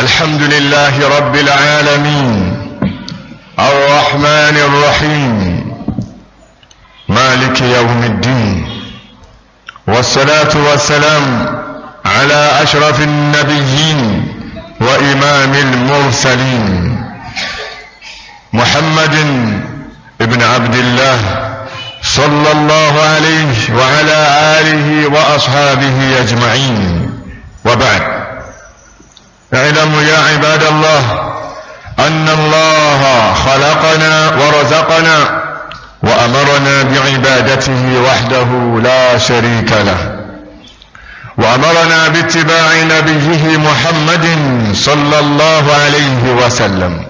الحمد لله رب العالمين الرحمن الرحيم مالك يوم الدين والصلاة والسلام على أشرف النبيين وإمام المرسلين محمد ابن عبد الله صلى الله عليه وعلى آله وأصحابه أجمعين وبعد اعلموا يا عباد الله أن الله خلقنا ورزقنا وأمرنا بعبادته وحده لا شريك له وأمرنا باتباع نبيه محمد صلى الله عليه وسلم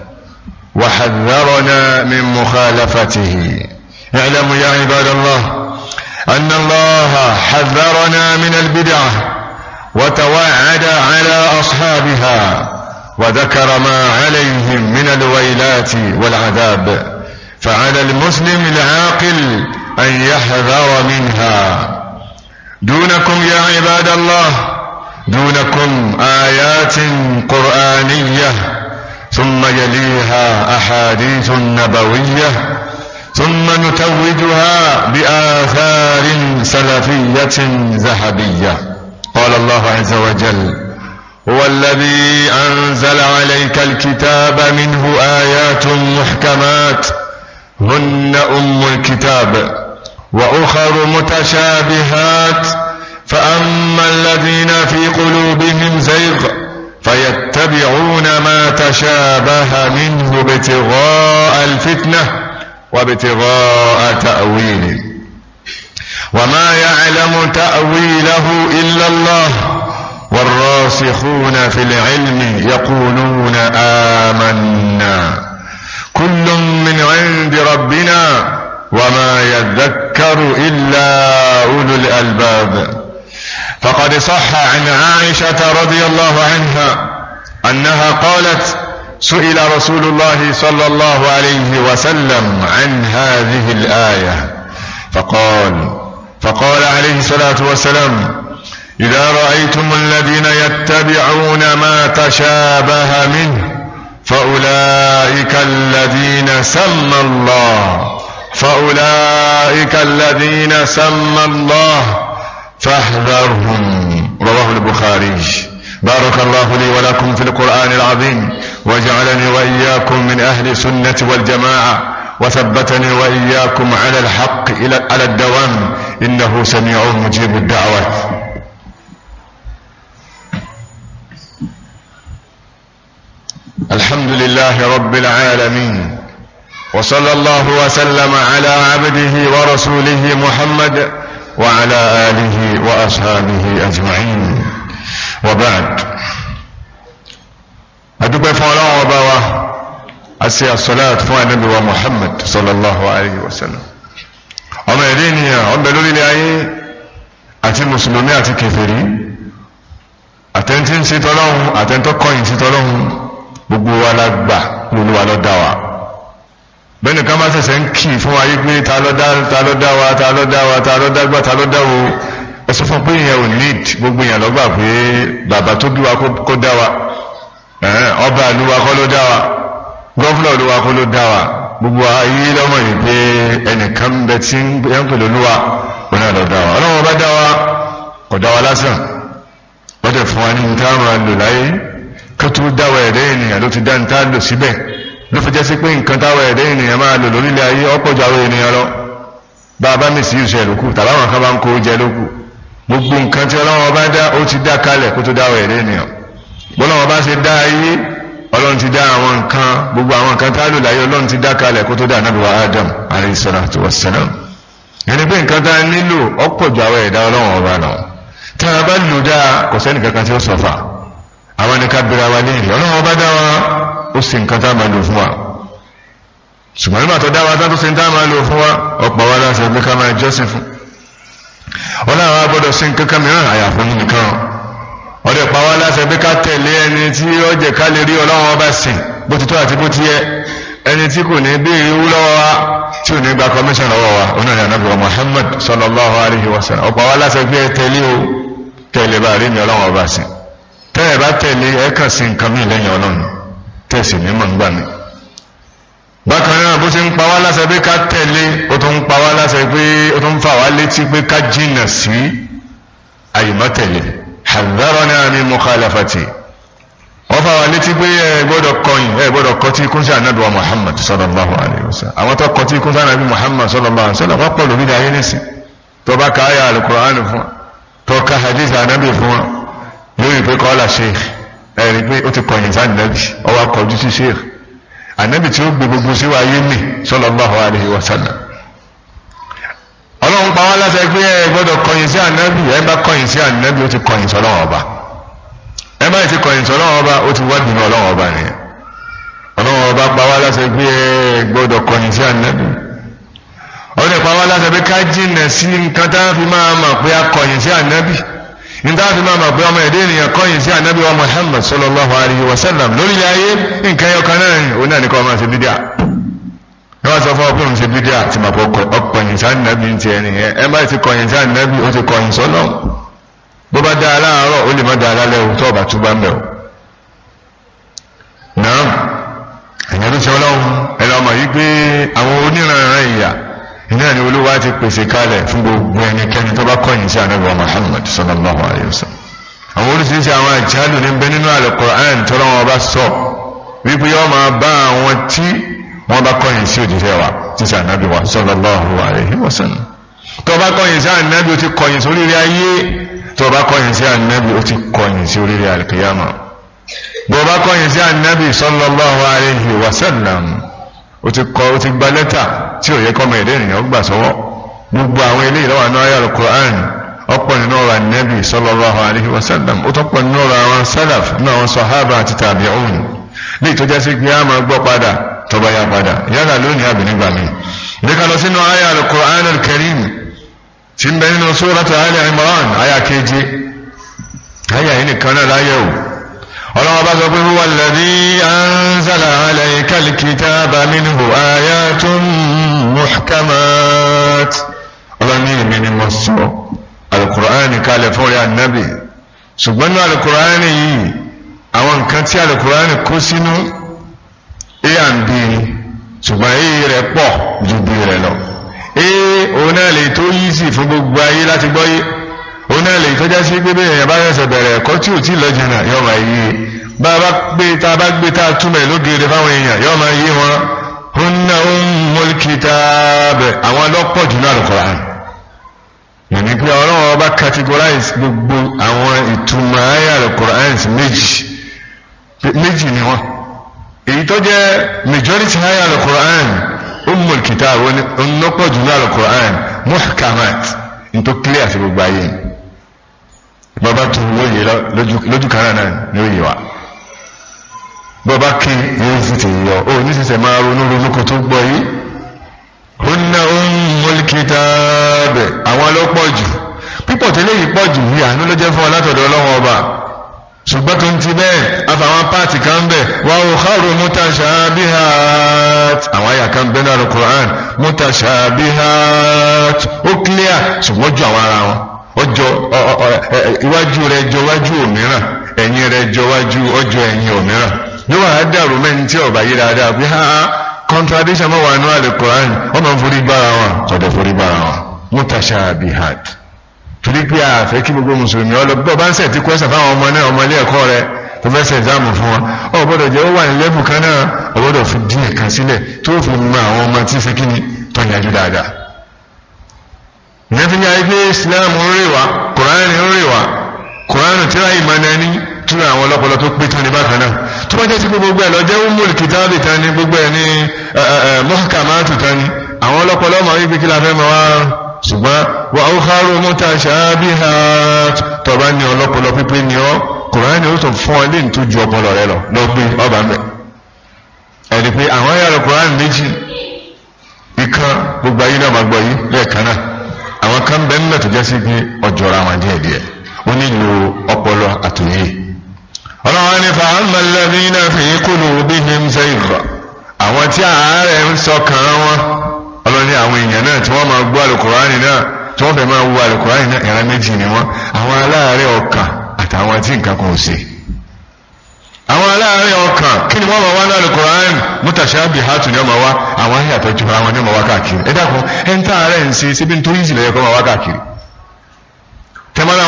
وحذرنا من مخالفته اعلموا يا عباد الله أن الله حذرنا من البدعة وتوعد على أصحابها وذكر ما عليهم من الويلات والعذاب فعلى المسلم العاقل أن يحذر منها دونكم يا عباد الله دونكم آيات قرآنية ثم يليها أحاديث نبوية ثم نتوجها بآثار سلفية ذهبيه قال الله عز وجل هو الذي أنزل عليك الكتاب منه آيات محكمات هن أم الكتاب وأخر متشابهات فأما الذين في قلوبهم زيغ فيتبعون ما تشابه منه ابتغاء الفتنة وابتغاء تأويله وما يعلم تأويله إلا الله والراسخون في العلم يقولون آمنا كل من عند ربنا وما يذكر إلا أولو الألباب فقد صح عن عائشة رضي الله عنها أنها قالت سئل رسول الله صلى الله عليه وسلم عن هذه الآية فقال فقال عليه الصلاة والسلام إذا رأيتم الذين يتبعون ما تشابه منه فأولئك الذين سمى الله فأولئك الذين سمى الله فاحذرهم رواه البخاري بارك الله لي ولكم في القرآن العظيم وجعلني وإياكم من أهل السنة والجماعة وثبتني وإياكم على الحق إلى على الدوام إنه سميع مجيب الدعوات الحمد لله رب العالمين وصلى الله وسلم على عبده ورسوله محمد وعلى آله وأصحابه أجمعين وبعد أدب فلا وبواه àti àsọláàt fún ànábì wa Muhammad sallallahu alayhi wa sallam ọmọ ẹ̀dẹ́ ènìyàn ọbẹ̀ lórílẹ̀ ayé àti mùsùlùmí àti kèfèrí àtẹ́ntí ń sitọ́lọ́hún àtẹ́ntọ́ kọ́yìn sitọ́lọ́hún gbogbo wa la gbà lónìí wa ló dá wa bẹ́ẹ̀ni ká má ṣẹ̀ṣẹ̀ ń kì fún wa yí pé ta ló dá ta wa ta wa ta gbà ta wo ẹ fún pé ìyẹn ò need gbogbo ìyẹn lọ́gbà pé bàbá tó bí wa kó dá wa ọba àlúwa kọ́ ló dá wa gọ́fúnà olúwa kó ló dá wa gbogbo ayé lọ́mọ̀ yìí pé ẹnìkan bẹ tí ń pè lólúwa wọn náà lọ dá wa ọlọ́wọ́n bá dá wa kò dá wa lásán wọ́n tẹ̀ fún wa ní nǹkan máa lò láyé ká tó dá wa ẹ̀dẹ́ ènìyàn ló ti dá nǹkan lò síbẹ̀ ló fi jẹ́ sí pé nǹkan táwa ẹ̀dẹ́ ènìyàn máa lò lórílẹ̀ ayé ọ̀pọ̀ ju àwọn ènìyàn lọ bá a bá mi sí ìṣẹ̀ lókù tàbáwọn kan bá ń kó jẹ lókù gbogbo nǹkan tí ọlọ́wọ́n bá dá ó ti dá kalẹ̀ kó dá wa ẹ̀dẹ́ ènìyàn bọ́lọ́wọ́n bá ṣe dá ayé ọlọ́run ti dá àwọn nǹkan gbogbo àwọn nǹkan tá a lò láyé ọlọ́run ti dá kalẹ̀ kó tó dá ànábì wa Adam alayhi salatu wassalam ẹni pé nǹkan tá a nílò ọ̀pọ̀ ju àwọn ẹ̀dá ọlọ́run ọba lọ tá a bá lò dáa kò sẹ́ni kankan tí ó sọ̀fà àwọn ni ká bẹ̀rẹ̀ wa léèrè ọlọ́run ọba dá wa ó sì nǹkan tá a máa lò fún wa ṣùgbọ́n nígbà tó dá wa tó sì tá a máa lò fún wa ọ̀pọ̀ wa láti ẹgbẹ́ ká máa jọ́sìn fún ọlọ́run ọdẹ pàwọn aláṣẹ pé ká tẹ̀lé ẹni tí ó jẹ́ ká lè rí ọlọ́run ọba sìn bó ti tó àti bó ti yẹ ẹni tí kò ní béèrè owó lọ́wọ́ wa tí ò ní gba commission lọ́wọ́ wa òun náà nàbẹ̀wò Muhammad sallallahu alayhi wa ọ̀pọ̀ àwọn aláṣẹ pé ẹ tẹ̀lé o tẹ̀lé bá rí mi ọlọ́run ọba sìn tẹ́ ẹ bá tẹ̀lé ẹ kàn sí nǹkan mi lẹ́yìn ọlọ́run tẹ̀sí ní mọ̀ nígbà mi. bákan náà bó ti ń pa wá láṣẹ pé ká hadharana min mukhalafati wọ́n fà wá létí pé ẹ gbọ́dọ̀ kọyìn ẹ gbọ́dọ̀ kọtí kúnṣẹ́ ànábì wa muhammad sallallahu alayhi wa sallam àwọn tó kọtí kúnṣẹ́ ànábì muhammad sallallahu alayhi wa sallam wọ́n pọ̀ lórí ní ayé nísìn tó bá ka ayé alukur'an fún wa tó ka hadith ànábì fún wa lórí pé kọ́lá sheikh ẹ rí i pé ó ti kọyìn sáà nàbì ọwọ́ akọjú sí sheikh ànábì tí ó gbé gbogbo síwáyé mi sallallahu alayhi wa sallam ọlọ́run pa wá láṣẹ pé ẹ gbọ́dọ̀ kọ̀yìn sí ànábì ẹ bá kọ̀yìn sí ànábì ó ti kọ̀yìn sí ọlọ́run ọba ẹ bá ti kọ̀yìn sí ọlọ́run ọba ó ti wá bínú ọlọ́run ọba nìyẹn ọlọ́run ọba pa wá láṣẹ pé ẹ gbọ́dọ̀ kọ̀yìn sí ànábì ọlọ́run pa wá láṣẹ pé ká sí nǹkan tá a fi máa mọ̀ pé a kọ̀yìn sí ànábì nta fi máa mọ̀ pé ọmọ ẹ̀dẹ́ ènìyàn kọ́yìn sí ànábì wa Muhammad sallallahu alayhi wa sallam lórí ayé nǹkan ẹyọ kan náà ni òun náà ní kọ́ ọmọ ṣe dídí ẹ wá sọ fún ọ pé òun ṣe bídí àti màpọ̀ ọkọ̀yìn sáni nàbí ń tiẹ̀ nìyẹn ẹ má ti kọ̀yìn sáni nàbí ó ti kọ̀yìn sọ́nà bó bá dáa láàárọ̀ ó lè má dáa lálẹ́ o ọ̀bà tó bá mẹ́ o. náà ẹ̀yìn ló ṣe ọlọ́run lọ́ mọ̀ yìí pé àwọn oníranran ìyà iná ni olúwa ti pèsè kalẹ̀ fún gbogbo ẹnikẹ́ni tó bá kọ̀yìn sí ànábì Muhammad sallallahu alayhi wa sallam àwọn oríṣiríṣi àwọn àjálù ní Al-Qur'an tó lọ́wọ́ bá sọ wípé yọ wọ́n bá kọ̀yìn sí òjíṣẹ́ wa ti sàn nábì wa sallallahu alaihi wasallam tó bá kọ̀yìn sí ànábì ó ti kọ̀yìn sí oríire ayé tó bá kọ̀yìn sí ànábì ó ti kọ̀yìn sí oríire àlùkìyàmà bó bá kọ̀yìn sí ànábì sallallahu alaihi wasallam ó ti kọ ó ti gba lẹ́tà tí ò yẹ kọ́mọ ẹ̀dẹ́ ènìyàn gbà sọ́wọ́ gbogbo àwọn eléyìí lọ́wọ́ àná ayé alukur'an ọ̀pọ̀ nínú ọ̀rọ̀ ànábì sallallahu alaihi tọba ya padà yálà lónìí àbí nígbà mi bí ká lọ sínú àyà al-Qur'an al-Karim tí ń bẹ nínú suratu Ali Imran àyà keje àyà yìí nìkan náà láyẹ̀ o ọlọ́wọ́ bá sọ pé huwa alladhi anzala alayka al-kitaba minhu ayatun muhkamat ọlọ́ni èmi ni mo sọ al-Qur'an kalẹ̀ fún rẹ̀ ànábì ṣùgbọ́n náà al yìí àwọn nǹkan tí al kó sínú a and b ni ṣùgbọ́n a rẹ̀ pọ̀ ju b rẹ̀ lọ a òun náà lè tó yí sí fún gbogbo ayé láti gbọ́ yé òun náà lè tọ́já sí pé bẹ́ẹ̀ yẹn bá ṣẹ̀ṣẹ̀ bẹ̀rẹ̀ ẹ̀kọ́ tí ò tí ì lọ́jọ́ náà yọ̀ọ́ máa yé bá a gbé tá bá gbé tá a lógeere fáwọn èèyàn yọ̀ọ́ máa yé wọn hunna ummul kitab àwọn lọ́pọ̀ jù náà Al-Qur'an yìí pé ọlọ́run ọba categorize gbogbo àwọn ìtumọ̀ ayé Al-Qur'an méjì méjì ni wọ́n èyí tó jẹ́ majority high al-Qur'an ummul kitab onlọ́pọ̀ jùlọ al-Qur'an muhkamat ní tó clear sí gbogbo ayé bàbá tó lóye lójú kanáà náà ni ó yẹ wa bàbá kí yóò sì ti yọ ó ní sísẹ máa ronú ronú kó tó gbọ́ yìí hunna ummul kitab àwọn ló jù pípọ̀ tẹ́lẹ̀ yìí pọ̀ jù yìí àánú ló jẹ́ fún ọ látọ̀dọ̀ ọlọ́wọ́n ọba ṣùgbọ́n tó ń ti bẹ́ẹ̀ àfàwọn páàtì kan bẹ̀ wà ó kárò mutashabihat àwọn àyà kan bẹ́ẹ̀ náà Qur'an mutashabihat ó clear ṣùgbọ́n ju àwọn ara wọn ọjọ́ iwájú rẹ̀ jọ wájú òmíràn ẹ̀yìn rẹ̀ jọ wájú ọjọ́ ẹ̀yìn òmíràn yóò wá dàrú mẹ́ni tí ọ̀bà yìí dáadáa bí ha contradiction mọ́ wà nínú àlè Qur'an ọmọ forí bára wọn kọ̀dọ̀ forí bára wọn mutashabihat torí pé àfẹ́ kí gbogbo mùsùlùmí ọlọ́gbọ́ bá ń sẹ̀ tí kwẹ́sàn fáwọn ọmọ náà ọmọ ilé ẹ̀kọ́ rẹ tó fẹ́ sẹ̀ ìdáàmú fún wọn ọ gbọ́dọ̀ jẹ́ ó wà ní lẹ́bù kan náà ọ gbọ́dọ̀ fi díẹ̀ kan sílẹ̀ tó fi mọ àwọn ọmọ tí ṣe kíni tó yanjú dáadáa. nẹ́fíní ayé pé Islam ń rè wá Kùránì ń rè wá Kùránì tí wàá ìmọ̀ náà ní túnra àwọn ọlọ́pọlọ tó pé tán ní bákan náà tó bá jẹ́ sí gbogbo ẹ̀ lọ́jẹ́ umul kitabi tán gbogbo ẹ̀ ní muhkamatu tán àwọn ọlọ́pọlọ ọmọ wípé kí la fẹ́ mọ wá ṣùgbọ́n wà ó háró mọ́ta ṣáábí ha tọ́ba ní ọlọ́pọlọ pípé ní ọ kùránì ó tún fún ọ lé nítorí ju ọpọlọ rẹ lọ lọ gbé ọba mẹ ẹni pé àwọn ẹ̀yà rẹ kùránì méjì ìkan gbogbo ayé náà máa gbọ́ yìí lẹ́ẹ̀kan náà àwọn kan bẹ́ẹ̀ nílẹ̀ tó jẹ́ sí pé ọjọ́ra wọn díẹ̀ díẹ̀ ó nílò ọpọlọ àtòyè ọlọ́run ní fàámà lẹ́bí náà fi kúlù bíi ọlọ́ni àwọn èèyàn náà tí wọ́n máa gbọ́ alukurani náà tí wọ́n fẹ́ máa wo alukurani náà ìran méjì ni wọ́n àwọn aláàárẹ̀ ọkàn àtàwọn tí nǹkan kan ò ṣe àwọn aláàárẹ̀ ọkàn kí ni wọ́n máa wá ní alukurani mutashabihatu ni wọ́n máa wá àwọn ayé àtọ́jú àwọn ni wọ́n máa wá káàkiri ẹ dákun ẹ ń tààrẹ̀ ń ṣe síbi nítorí ìsìlẹ̀ yẹ kó máa wá káàkiri tẹ́mọ́lá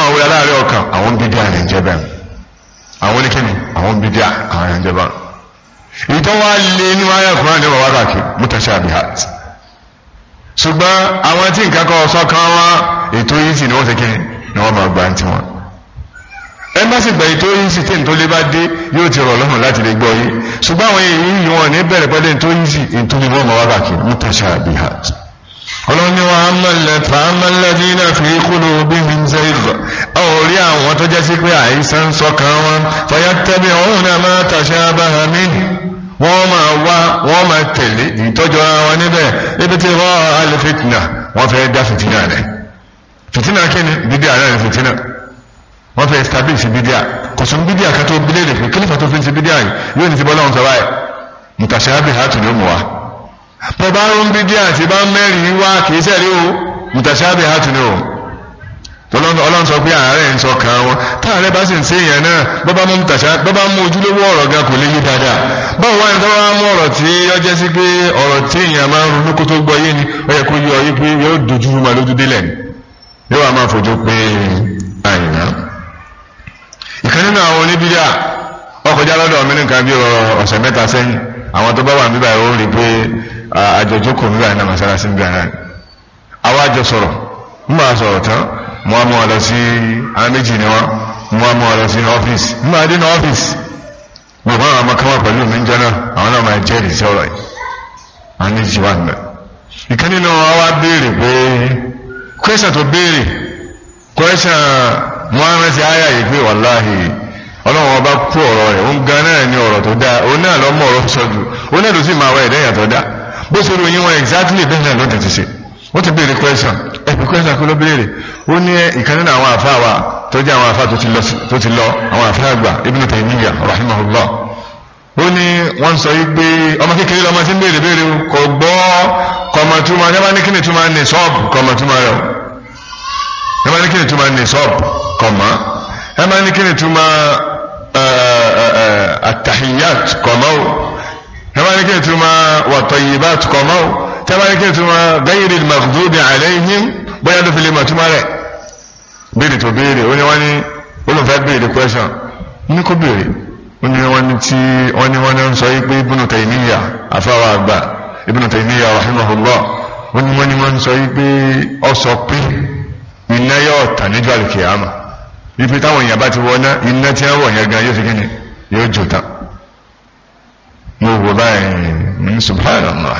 ní wáyà kúrò ní wọ́n wá káàkiri mutashabihat ṣùgbọ́n àwọn tí nǹkan kan ọ̀sán kan wá ètò yìí sì ni wọ́n ṣe kí ni wọ́n máa gbà ń tiwọn ẹ má sì gbà ètò yìí sì tí nítorí bá dé yóò ti rọ̀ lọ́rùn láti lè gbọ́ yìí ṣùgbọ́n àwọn èyí yìí wọn ní bẹ̀rẹ̀ pẹ̀lú ètò yìí sì ètò wọ́n máa wá kàkiri mutashabihat ọlọ́ni wa amọ̀lẹ́fà amọ̀lẹ́dínà fi kúrò bí i tó jẹ́ sí pé àìsàn sọ́kàn wọn fọyà tẹ́bí ọ̀hún náà máa tàṣà bá wọ́n máa wá wọ́n máa tẹ̀lé ìtọ́jú ara wọn níbẹ̀ níbi tí wọ́n alẹ́ fìtínà wọ́n fẹ́ dá fìtínà rẹ̀ fìtínà kíni bídíà náà ni fìtínà wọ́n fẹ́ establish bídíà kò sún bídíà kan tó bílẹ̀ rẹ̀ pé kí ló fà tó fi ń ṣe bídíà yìí yóò ní ti bọ́lá òun sọ báyìí mùtàṣábì hàtù ló mú wa bọ́ bá ń bídíà tí bá mẹ́rin wá kì sẹ́rí o mùtàṣábì hàtù ni o ọlọ́run sọ pé ààrẹ ń sọ kàn wọn táàrẹ bá sì ń ṣe èèyàn náà bọ́bá mú tàṣà bọ́bá mú ojúlówó ọ̀rọ̀ gan kò lè yí dáadáa báwo wá ní tó wá mú ọ̀rọ̀ tí ó jẹ́ sí pé ọ̀rọ̀ tí èèyàn máa ń ronú kó tó gbọ́ yé ni ó yẹ kó yọ yí pé yóò dojú rú ma lójú délẹ̀ ni yóò wá máa àwọn oníbíyà ọkọjá lọ́dọ̀ bí mo wá mú ọ lọ sí àwọn ni wọn mo wá mú ọ lọ sí ọ́fíìsì nígbà dé ní ọ́fíìsì gbogbo àwọn ọmọ pẹ̀lú mi ń jẹ́ bere àwọn náà máa jẹ́rìí sí ọ̀rọ̀ yìí àwọn wà níbẹ̀ ìkan nínú wọn wá béèrè pé tó béèrè mo rántí pé wàláhì ọba kú ọ̀rọ̀ rẹ̀ òun gan náà ọ̀rọ̀ tó dáa òun náà lọ́mọ ọ̀rọ̀ òun náà ẹ̀dẹ́yà tó dáa bó ṣe wọn exactly bẹ́ẹ̀ ẹ̀kú kẹ́sà kó ló béèrè ó ní ìkan nínú àwọn àfa wa tó jẹ́ àwọn àfa tó ti lọ àwọn àfa àgbà Ibn Taymiyyah rahimahullah ó ní wọ́n sọ yí pé ọmọ kékeré lọ́mọ tí ń béèrè béèrè o kò gbọ́ kọ̀mọ̀túmọ̀ ní wọ́n ní kí ni túmọ̀ ní sọ́ọ̀bù kọ̀mọ̀túmọ̀ rẹ̀ o ní wọ́n ní kí túmọ̀ ní sọ́ọ̀bù kọ̀mọ̀ ẹ máa ní kí túmọ̀ àtàhíyàt kọ̀mọ̀ o ẹ máa ní kí túmọ̀ wàtọ̀yìbàt kọ̀mọ̀ o tẹ́wáyé kí tí wọ́n gáyìrì maghdubi alayhim bóyá ló fi lè mọ̀ túmọ̀ rẹ̀ béèrè tó béèrè ó ní wọ́n ní olùfẹ́ béèrè question ní kó béèrè ó ní wọ́n ní tí wọ́n ní wọ́n ń sọ yí pé Ibn Taymiyyah afáwà àgbà Ibn Taymiyyah rahimahullah ó ní wọ́n ní wọ́n ń sọ yí pé ọ pé iná yóò tà níjọ́ àlùkìyàmà ibi táwọn èèyàn bá ti wọ́ná iná tí wọ́n wọ̀ yẹn gan yóò fi kíni yóò jò tán mo wò báyìí subhanallah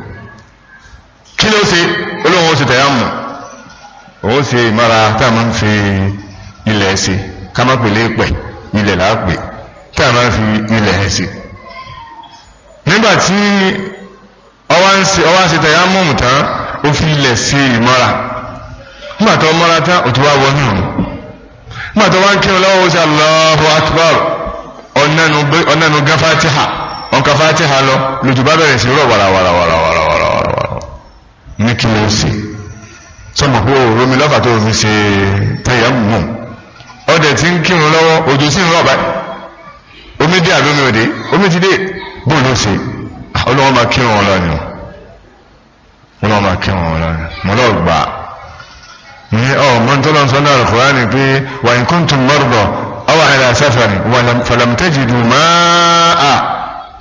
kí ló ṣe olóhùn ó ṣe òun ṣe tá a máa ń fi ilẹ̀ ṣe ká má pèlè pẹ̀ ilẹ̀ pè tá a máa ń fi ilẹ̀ ṣe. nígbà tí ọwá ń ṣe tẹ̀yà tán ó fi ilẹ̀ ṣe ìmára nígbà tó mọ́ra tán ó ti wá ọ̀run nígbà tó wá ń kírun lọ́wọ́ gáfátíhà lọ ní kí ló ṣe sọmọ pé òromi lọ́fà tó fi ṣe tẹ̀yà mú ọdẹ tí ń kírun lọ́wọ́ òjò sì ń rọ̀ báyìí omi dé àbí omi òde omi ti dé bó ló ṣe ah, ọlọ́wọ́ máa kírun wọn lọ́nà ọlọ́wọ́ máa kírun wọn lọ́nà mọ́lọ́ gbà ní ọmọ tó lọ́n sọ́nà àlùkùrá ni pé wà ní kúntùn mọ́rùbọ̀ ọwọ́ àìlà sáfàrì wà fọlọ́mtẹ́jì dùn máa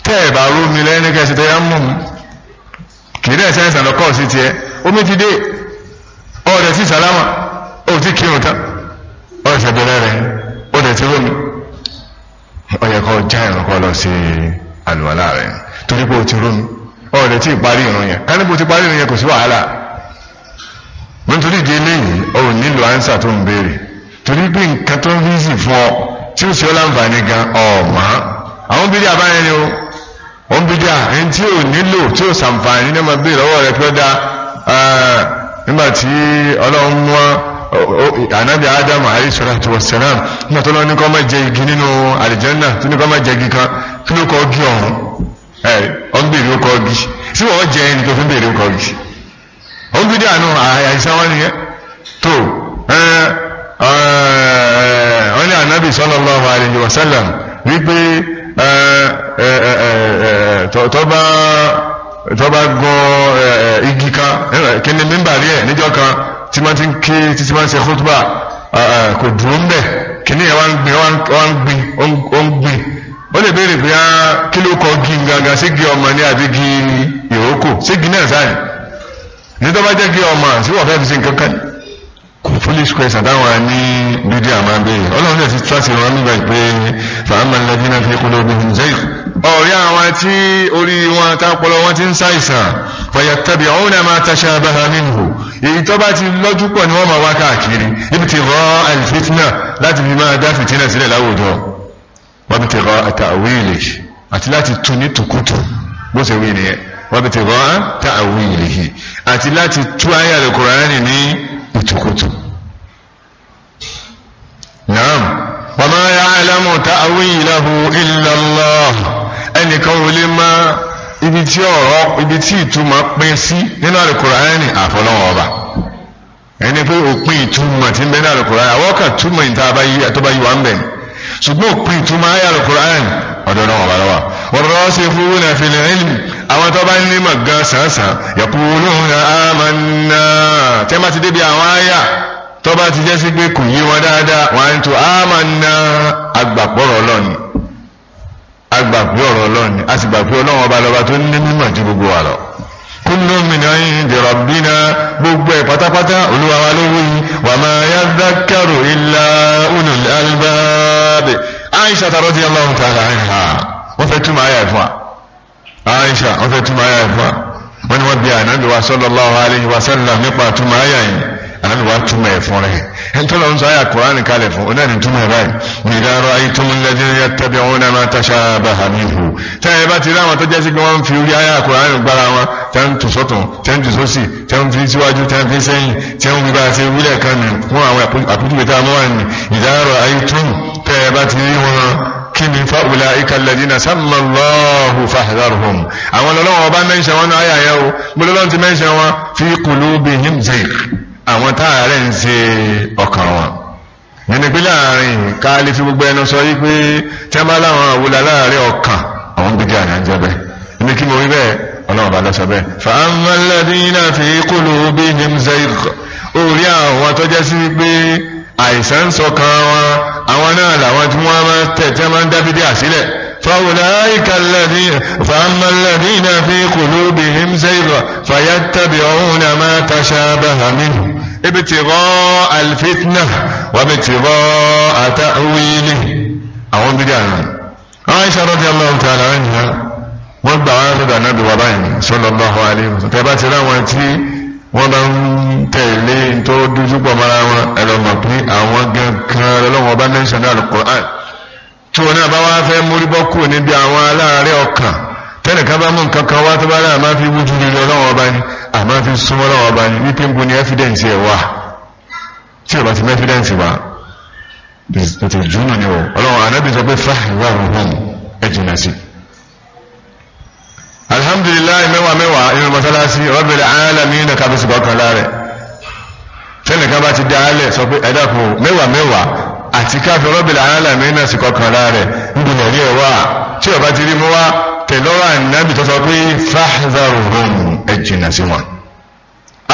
tẹ́ẹ̀ bá rú mi lẹ́yìn kẹsì tẹ́yà mú mi nídẹ̀ ẹ̀sẹ̀ ẹ̀sẹ̀ lọ́kọ́ sí tiẹ̀ omi ti dé ọ̀rẹ́ sí sálámà ó ti kírun tán ọ̀sẹ̀ bẹ̀rẹ̀ rẹ̀ ó dẹ̀ ti rómi ó yẹ kó já ìrànkọ́ lọ sí àlùwàlá rẹ̀ torí pé ó ti rómi ọ̀rẹ́ tí ì parí ìrun yẹn kánibó ti parí ìrun yẹn kò sí wàhálà nítorí ìdí eléyìí ó nílò ánsà tó ń béèrè torí pé nǹkan tó ń rí sí fún ọ tí ó sì ọ láǹfààní gan ọ̀ọ́mà àwọn bíi òun bí díà ẹni tí ò nílò tí ò sàǹfààní ní ọmọ bí ìrọwọ́ rẹ pé ó dá nígbà tí ọlọ́run mú ànábì ádámù alayhi salatu wassalam nígbà tó lọ ní kọ́ máa jẹ igi nínú àlìjẹ́nà tó ní kọ́ máa jẹ igi kan kí ló kọ́ gí ọ̀hún ọ̀n bèrè ó kọ́ gí sí wọ́n jẹ ẹni tó fi bèrè ó kọ́ gí òun bí díà nù àìsàn wọn nìyẹn tó wọ́n ní ànábì sallallahu tọ́ bá gan igi kan kí ni mímbà rí ẹ̀ níjọ́ kan tí wọ́n ti ń ké títí wọ́n ń ṣe kútùbà kò dùn ún bẹ̀ kí ni ẹ̀ wá ń gbin ó ń gbin ó ń gbin ó lè béèrè pé kí ló kọ gi gangan sí gi ọmọ ní àbí gi ìrókò sí gi náà sáà ní tó bá jẹ́ gi ọmọ sí wọ́n fẹ́ fi ṣe nǹkan kan ní foolish question táwọn ní bídí àmà béèrè ọlọ́run lè ti tíláṣì wọn nígbà pé fàámà lẹ́bí náà fi kúló bí ǹjẹ́ ọ̀rí àwọn tí orí wọn tápọlọ wọn ti ń ṣàìsàn fàyàtàbí ọ̀hún náà máa taṣà bára nínú èyí tó bá ti lọ́jú pọ̀ ni wọ́n máa wá káàkiri níbi tí rọ àìfitínà láti fi máa dá fìtínà sílẹ̀ láwùjọ wọ́n bí ti rọ àtàwílì àti láti tún ayé àlùkùránì ní ìtùkùtù naam wa ma ya'lamu ta'wilahu illa Allah ẹnìkan ò lè mọ ibi tí ọ̀rọ̀ ibi tí ìtumọ̀ pé sí nínú Al-Qur'ani àfọlọ́wọ́ ọba ẹni pé òpin ìtumọ̀ ti ń bẹ ní Al-Qur'ani àwọn kan túmọ̀ ìta tó bá yí wa ń bẹ ṣùgbọ́n òpin ìtumọ̀ ayé Al-Qur'ani ọ̀dọ̀ náà wà bá lọ́wọ́ والراسخون في العلم àwọn tó bá ní mọ̀ gan sàn sàn يقولون آمنا tẹ́ bá ti débi àwọn àyà tó bá ti jẹ́ sí pé kò yé wọn dáadáa wọn á ń tó àmà ná agbàpọ̀rọ̀ ọlọ́ni agbàpẹ́ ọ̀rọ̀ ọlọ́ni a sì gbàpẹ́ ọlọ́run ọba lọ́ba tó ní mímọ̀ ju gbogbo wa lọ. kullu min indi rabbina gbogbo ẹ̀ pátápátá olúwa wa ló wí wa ma yadhakkaru illa ulul albab. Aisha radiyallahu ta'ala anha wọ́n fẹ́ túmọ̀ ayà fún Aisha wọ́n fẹ́ túmọ̀ ayà fún wọ́n ni wọ́n ànábì wa túmọ̀ ẹ̀ fún rẹ̀ ẹ̀ tó lọ́n sọ ayà Kùránì kalẹ̀ fún ọ náà ní túmọ̀ ẹ̀ báyìí wa idha ra'aytum alladhina yattabi'una ma tashabaha minhu tẹ́ ẹ bá ti rí àwọn tó jẹ́ sí pé wọ́n ń fi orí ayà Kùránì gbára wọn tẹ́ ń tù sọ́tún tẹ́ ń tù sósì tẹ́ ń fi síwájú tẹ́ ń fi sẹ́yìn tẹ́ ń fi bá a ṣe wílẹ̀ kan ní fún àwọn àpótúwé tá a mọ́ wà ní idha ra'aytum tẹ́ ẹ bá ti rí wọn kí ni fáwùlà ikàlẹ̀dínà sàmàlọ́hù fàhàdàrùhùn àwọn ọlọ́wọ́ bá mẹ́ṣẹ̀ wọn náà ayàyẹ́ o gbọ́lọ́lọ́ ti mẹ́ṣẹ̀ wọn fi kùlù bihim zayg àwọn táàrẹ̀ ń ṣe ọkàn wọn nínú pé láàrin ká lè fi gbogbo ẹnu sọ yí pé tí a bá láwọn àwòlà láàrin ọkàn àwọn gbèdé àná ń jẹ bẹ́ẹ̀ ní kí mo rí bẹ́ẹ̀ ọlọ́run bá lọ́sọ bẹ́ẹ̀. fàámà alladhina fi qulubihim zayg orí àwọn tó sí pé àìsàn sọkàn wọn àwọn náà làwọn tí wọ́n máa tẹ̀ tí wọ́n máa ń dábídé àsílẹ̀ فأولئك الذين فأما الذين في قلوبهم زيغ فيتبعون ما تشابه منه ابتغاء الفتنة وابتغاء تأويله àwọn bídí àná Aisha radiyallahu ta'ala anha wọ́n gbà wọ́n lọ́dọ̀ ànábì wà báyìí sallallahu alaihi wasallam tẹ́ bá ti ráwọn tí wọ́n bá ń tẹ̀lé tó dúdú pọ̀ mọ́ra wọn ẹlọ́mọ̀ pé àwọn gankan lọ́wọ́ bá ní ṣẹ̀dá Al-Qur'an tí wọn náà bá wá fẹ́ múríbọ́ kù níbi àwọn aláàárẹ̀ ọkàn tẹ́nìkan bá mú nǹkan kan wá tó bá dáa máa fi wújú lílọ lọ́wọ́ bá ní àmọ́ fi súnmọ́ lọ́wọ́ bá ní wípé ń bu ní ẹ́fídẹ́ǹsì ẹ̀ wà tí ò bá ti mẹ́fídẹ́ǹsì wà tètè júnù ni o ọlọ́run anábì sọ pé fáìwá rúhùn ẹ jìnà sí. alhamdulilayi mẹ́wàá mẹ́wàá inú mọ́sálásí rabbil alamin ní kábíyèsí kọ̀ọ̀kan láàrẹ̀ tẹ́nìkan bá ti dá alẹ̀ sọ pé ẹ̀dá kò mẹ́wàá mẹ́wàá àtẹ̀lọ́wà náàbì tó sọ pé fahzaruhum ẹ̀jìnà sí wọn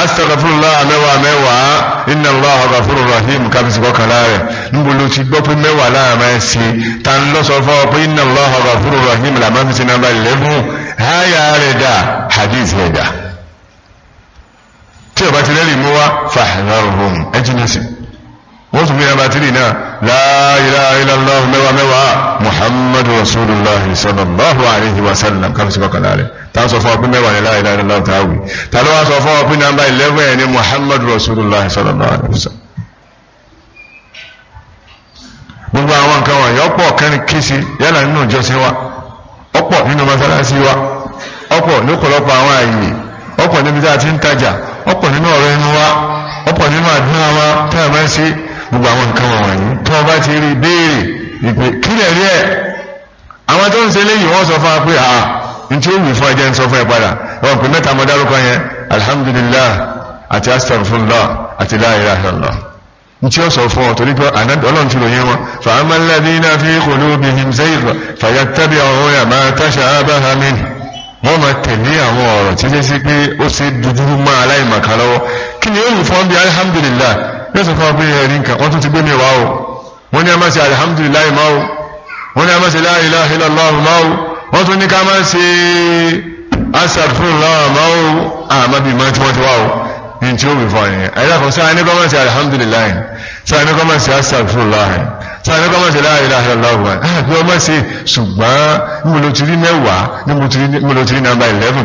astagfirullah mẹ́wàá mẹ́wàá inna Allaha ghafurur rahim kábísí kọkànlá rẹ̀ níbo ló ti gbọ́ pé mẹ́wàá láàmẹ́ sí ta ń lọ́sọ fọ́ pé inna Allaha ghafurur rahim làmá fi sí nàmbà 11 háyà rẹ̀ dà hadith rẹ̀ dà tí ọba ti rẹ́rì mú wá fahzaruhum ẹ̀jìnà sí wọn ó tún bíi nàbà tìrì náà la ilaha illallah mẹ́wàá mẹ́wàá muhammadu rasulullah sallallahu alayhi wa sallam káfíńsì kọkànlá rẹ̀ tá a sọ fún ọpín mẹ́wàá ní la ilaha illallah tá a wì tá ló wá sọ fún ọpín nàmbà eleven ẹ̀ ní muhammadu rasulullah sallallahu alayhi wa sallam. gbogbo àwọn nǹkan wọ̀nyí ọ̀pọ̀ kẹ́ni kíṣe yálà nínú ìjọsìn wa ọ̀pọ̀ ọ̀rọ̀ ẹnu wa ọ̀pọ̀ nínú àdúrà wa tá gbogbo àwọn nǹkan wọ̀nyí tó o bá ti rí béèrè ìpè kílẹ̀ rí ẹ̀ àwọn tó ń ṣe léyìí wọ́n sọ fún wa pé à n tí ó wù fún ẹjẹ́ ń sọ fún ẹ padà wọn pè mẹ́ta mọ́ dárúkọ yẹn alhamdulillah àti astaghfirullah àti la ilaha illallah n tí ó sọ fún ọ torí pé ọlọ́run ti ròyìn wọn fa ammal ladina fi qulubihim zayg fayattabi'una ma tashabaha min wọ́n máa tẹ̀lé àwọn ọ̀rọ̀ tí ó ṣe pé ó ṣe dúdúrú máa aláìmọ̀ká lọ́wọ́ kí ni ó lù fún bí alhamdulillah yóò sọ fún ọ pé ẹ̀rí nǹkan wọ́n tún ti gbé mi wá o wọ́n ní a máa ṣe alihamudulilayi máa o wọ́n ní a máa ṣe la ilaha máa o wọ́n tún ní ká máa ṣe asàfihàn máa o àmàbí máa tí wọ́n ti wá o ní tí ó wì fún ẹ̀yìn ẹ̀yìn àkọ́ sí àní kọ́mọ̀ sí alhamdulilayi sí àní kọ́mọ̀ sí asàfúrúláhìn sí àní kọ́mọ̀ sí láàrínláhìn ọlọ́gbọ̀n àti ọmọ sí ṣùgbọ́n níbolotiri mẹ́wàá níbolotiri nàmbà 11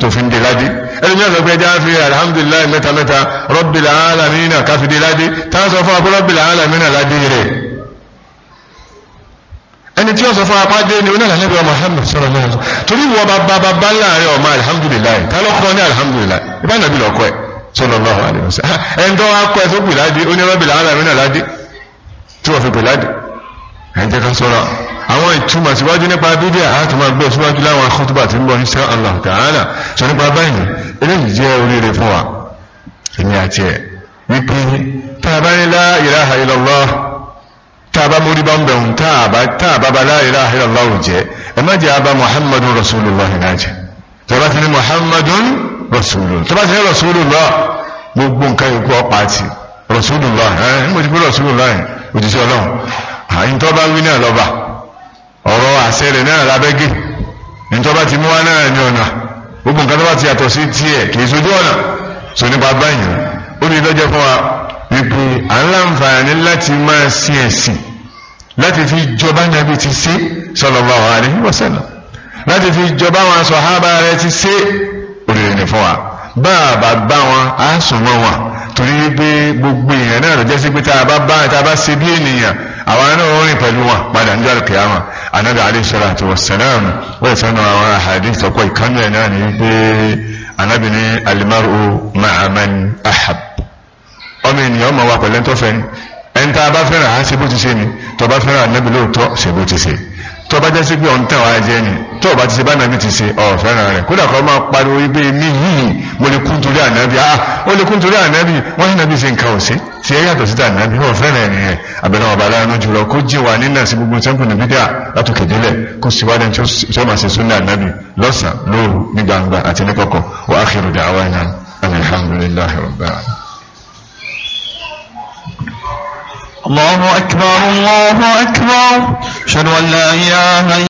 tó fi ń dé ládé ẹni ní ọ̀sán pé ẹjá fi alhamdulilayi mẹ́ta mẹ́ta rabbil alamina káfi dé ládé táwọn sọ fún abúlé rabbil alamina ládé rẹ̀ ẹni tí ó sọ fún apájé ni onílẹ̀ alẹ́ bíi Muhammad sọ̀rọ̀ náà torí wọ́n bá bá bá láàrin ọmọ alhamdulilayi tá lọ́kọ́ ní alhamdulilayi ìbá nàbí lọ́kọ́ ẹ̀ sallallahu alaihi wasallam ah, ẹni tó wá kọ́ ẹ tó pè ládé ó ní ọlọ́bì làálà mí náà ládé tí wọ́n fi pè ládé ẹ̀ jẹ́ ká sọ́ra àwọn ìtumọ̀ síwájú nípa bíbí àti máa gbọ́ síwájú láwọn akọ́tùbà tí ń bọ̀ insha Allah ta'ala sọ nípa báyìí eléyìí jẹ́ oríire fún wa èmi àti ẹ̀ wípé tá a bá ní la ilaha illallah tá a bá mórí bá ń bẹ̀rùn tá a bá tá a bá ba la ilaha illallah ò jẹ́ ẹ má jẹ́ a bá muhammadun rasulullah náà jẹ́ tọ́lá ti ní muhammadun rọ̀súlù tó bá ti ní rọ̀súlù lọ gbogbo nǹkan yòókù ọ̀pá àti rọ̀súlù lọ ẹ̀ ń gbòdì pé rọ̀súlù lọ yẹn òjíṣẹ́ ọlọ́run àyìn tó bá wí náà lọ́ba ọ̀rọ̀ àṣẹ rẹ̀ náà lábẹ́gẹ́ nítorí bá ti mú wá náà ní ọ̀nà gbogbo nǹkan tó bá ti yàtọ̀ sí tiẹ̀ kì í sojú ọ̀nà sọ nípa báyìí ó ní lọ́jọ́ fún wa wípé à ń láǹfààní láti máa sin ẹ̀sìn láti fi jọba nàbí ti ṣe sallallahu alaihi wasallam láti fi jọba àwọn sàhábà rẹ̀ ti ṣe oríire ni fún wa bá a bá bá wọn á sùn mọ́ wọn torí pé gbogbo èèyàn náà ló jẹ́ sí pé tá a bá bá tá a bá ṣe bí ènìyàn àwọn náà rìn pẹ̀lú wọn padà ní ọjọ́ kìámà anábì alayhi salatu wassalam wọ́n ti sọ́nà àwọn àhàdí sọ́kọ́ ìkánú ẹ̀ náà ni wípé anábì alimaru ma'aman ahab ọmọ ènìyàn ọmọ wa pẹ̀lẹ́ntọ́fẹ́ ni ẹni bá fẹ́ràn á ṣe bó ti ṣe ni tó bá fẹ́ràn anábì lóòótọ́ ṣe bó ti ṣe tó bá jẹ́ sí pé ọ̀n tàn wá jẹ́ ni tó bá ti ṣe bá nàbí ti ṣe ọ̀fẹ́ràn rẹ̀ kódà kọ́ máa pariwo wípé mi yìí mo lè kún torí ànábì ah ó lè kún torí ànábì wọ́n sì nàbí ṣe nǹkan ò sí tí ẹ yàtọ̀ síta ànábì ọ̀fẹ́ràn ẹ̀rìn rẹ̀ abẹ́rẹ́ ọba aláàánú jùlọ kó jẹ́ wà nínà sí gbogbo sẹ́ńpù nàbí dà látòkè délẹ̀ kó síwájú tí ó máa ṣe súnà ànábì lọ́sàn-án lóru ní gbangba àti ní kọ̀kọ̀ wa akhiru da'wana alhamdulillahi rabbil alamin الله أكبر الله أكبر أشهد أن لا إله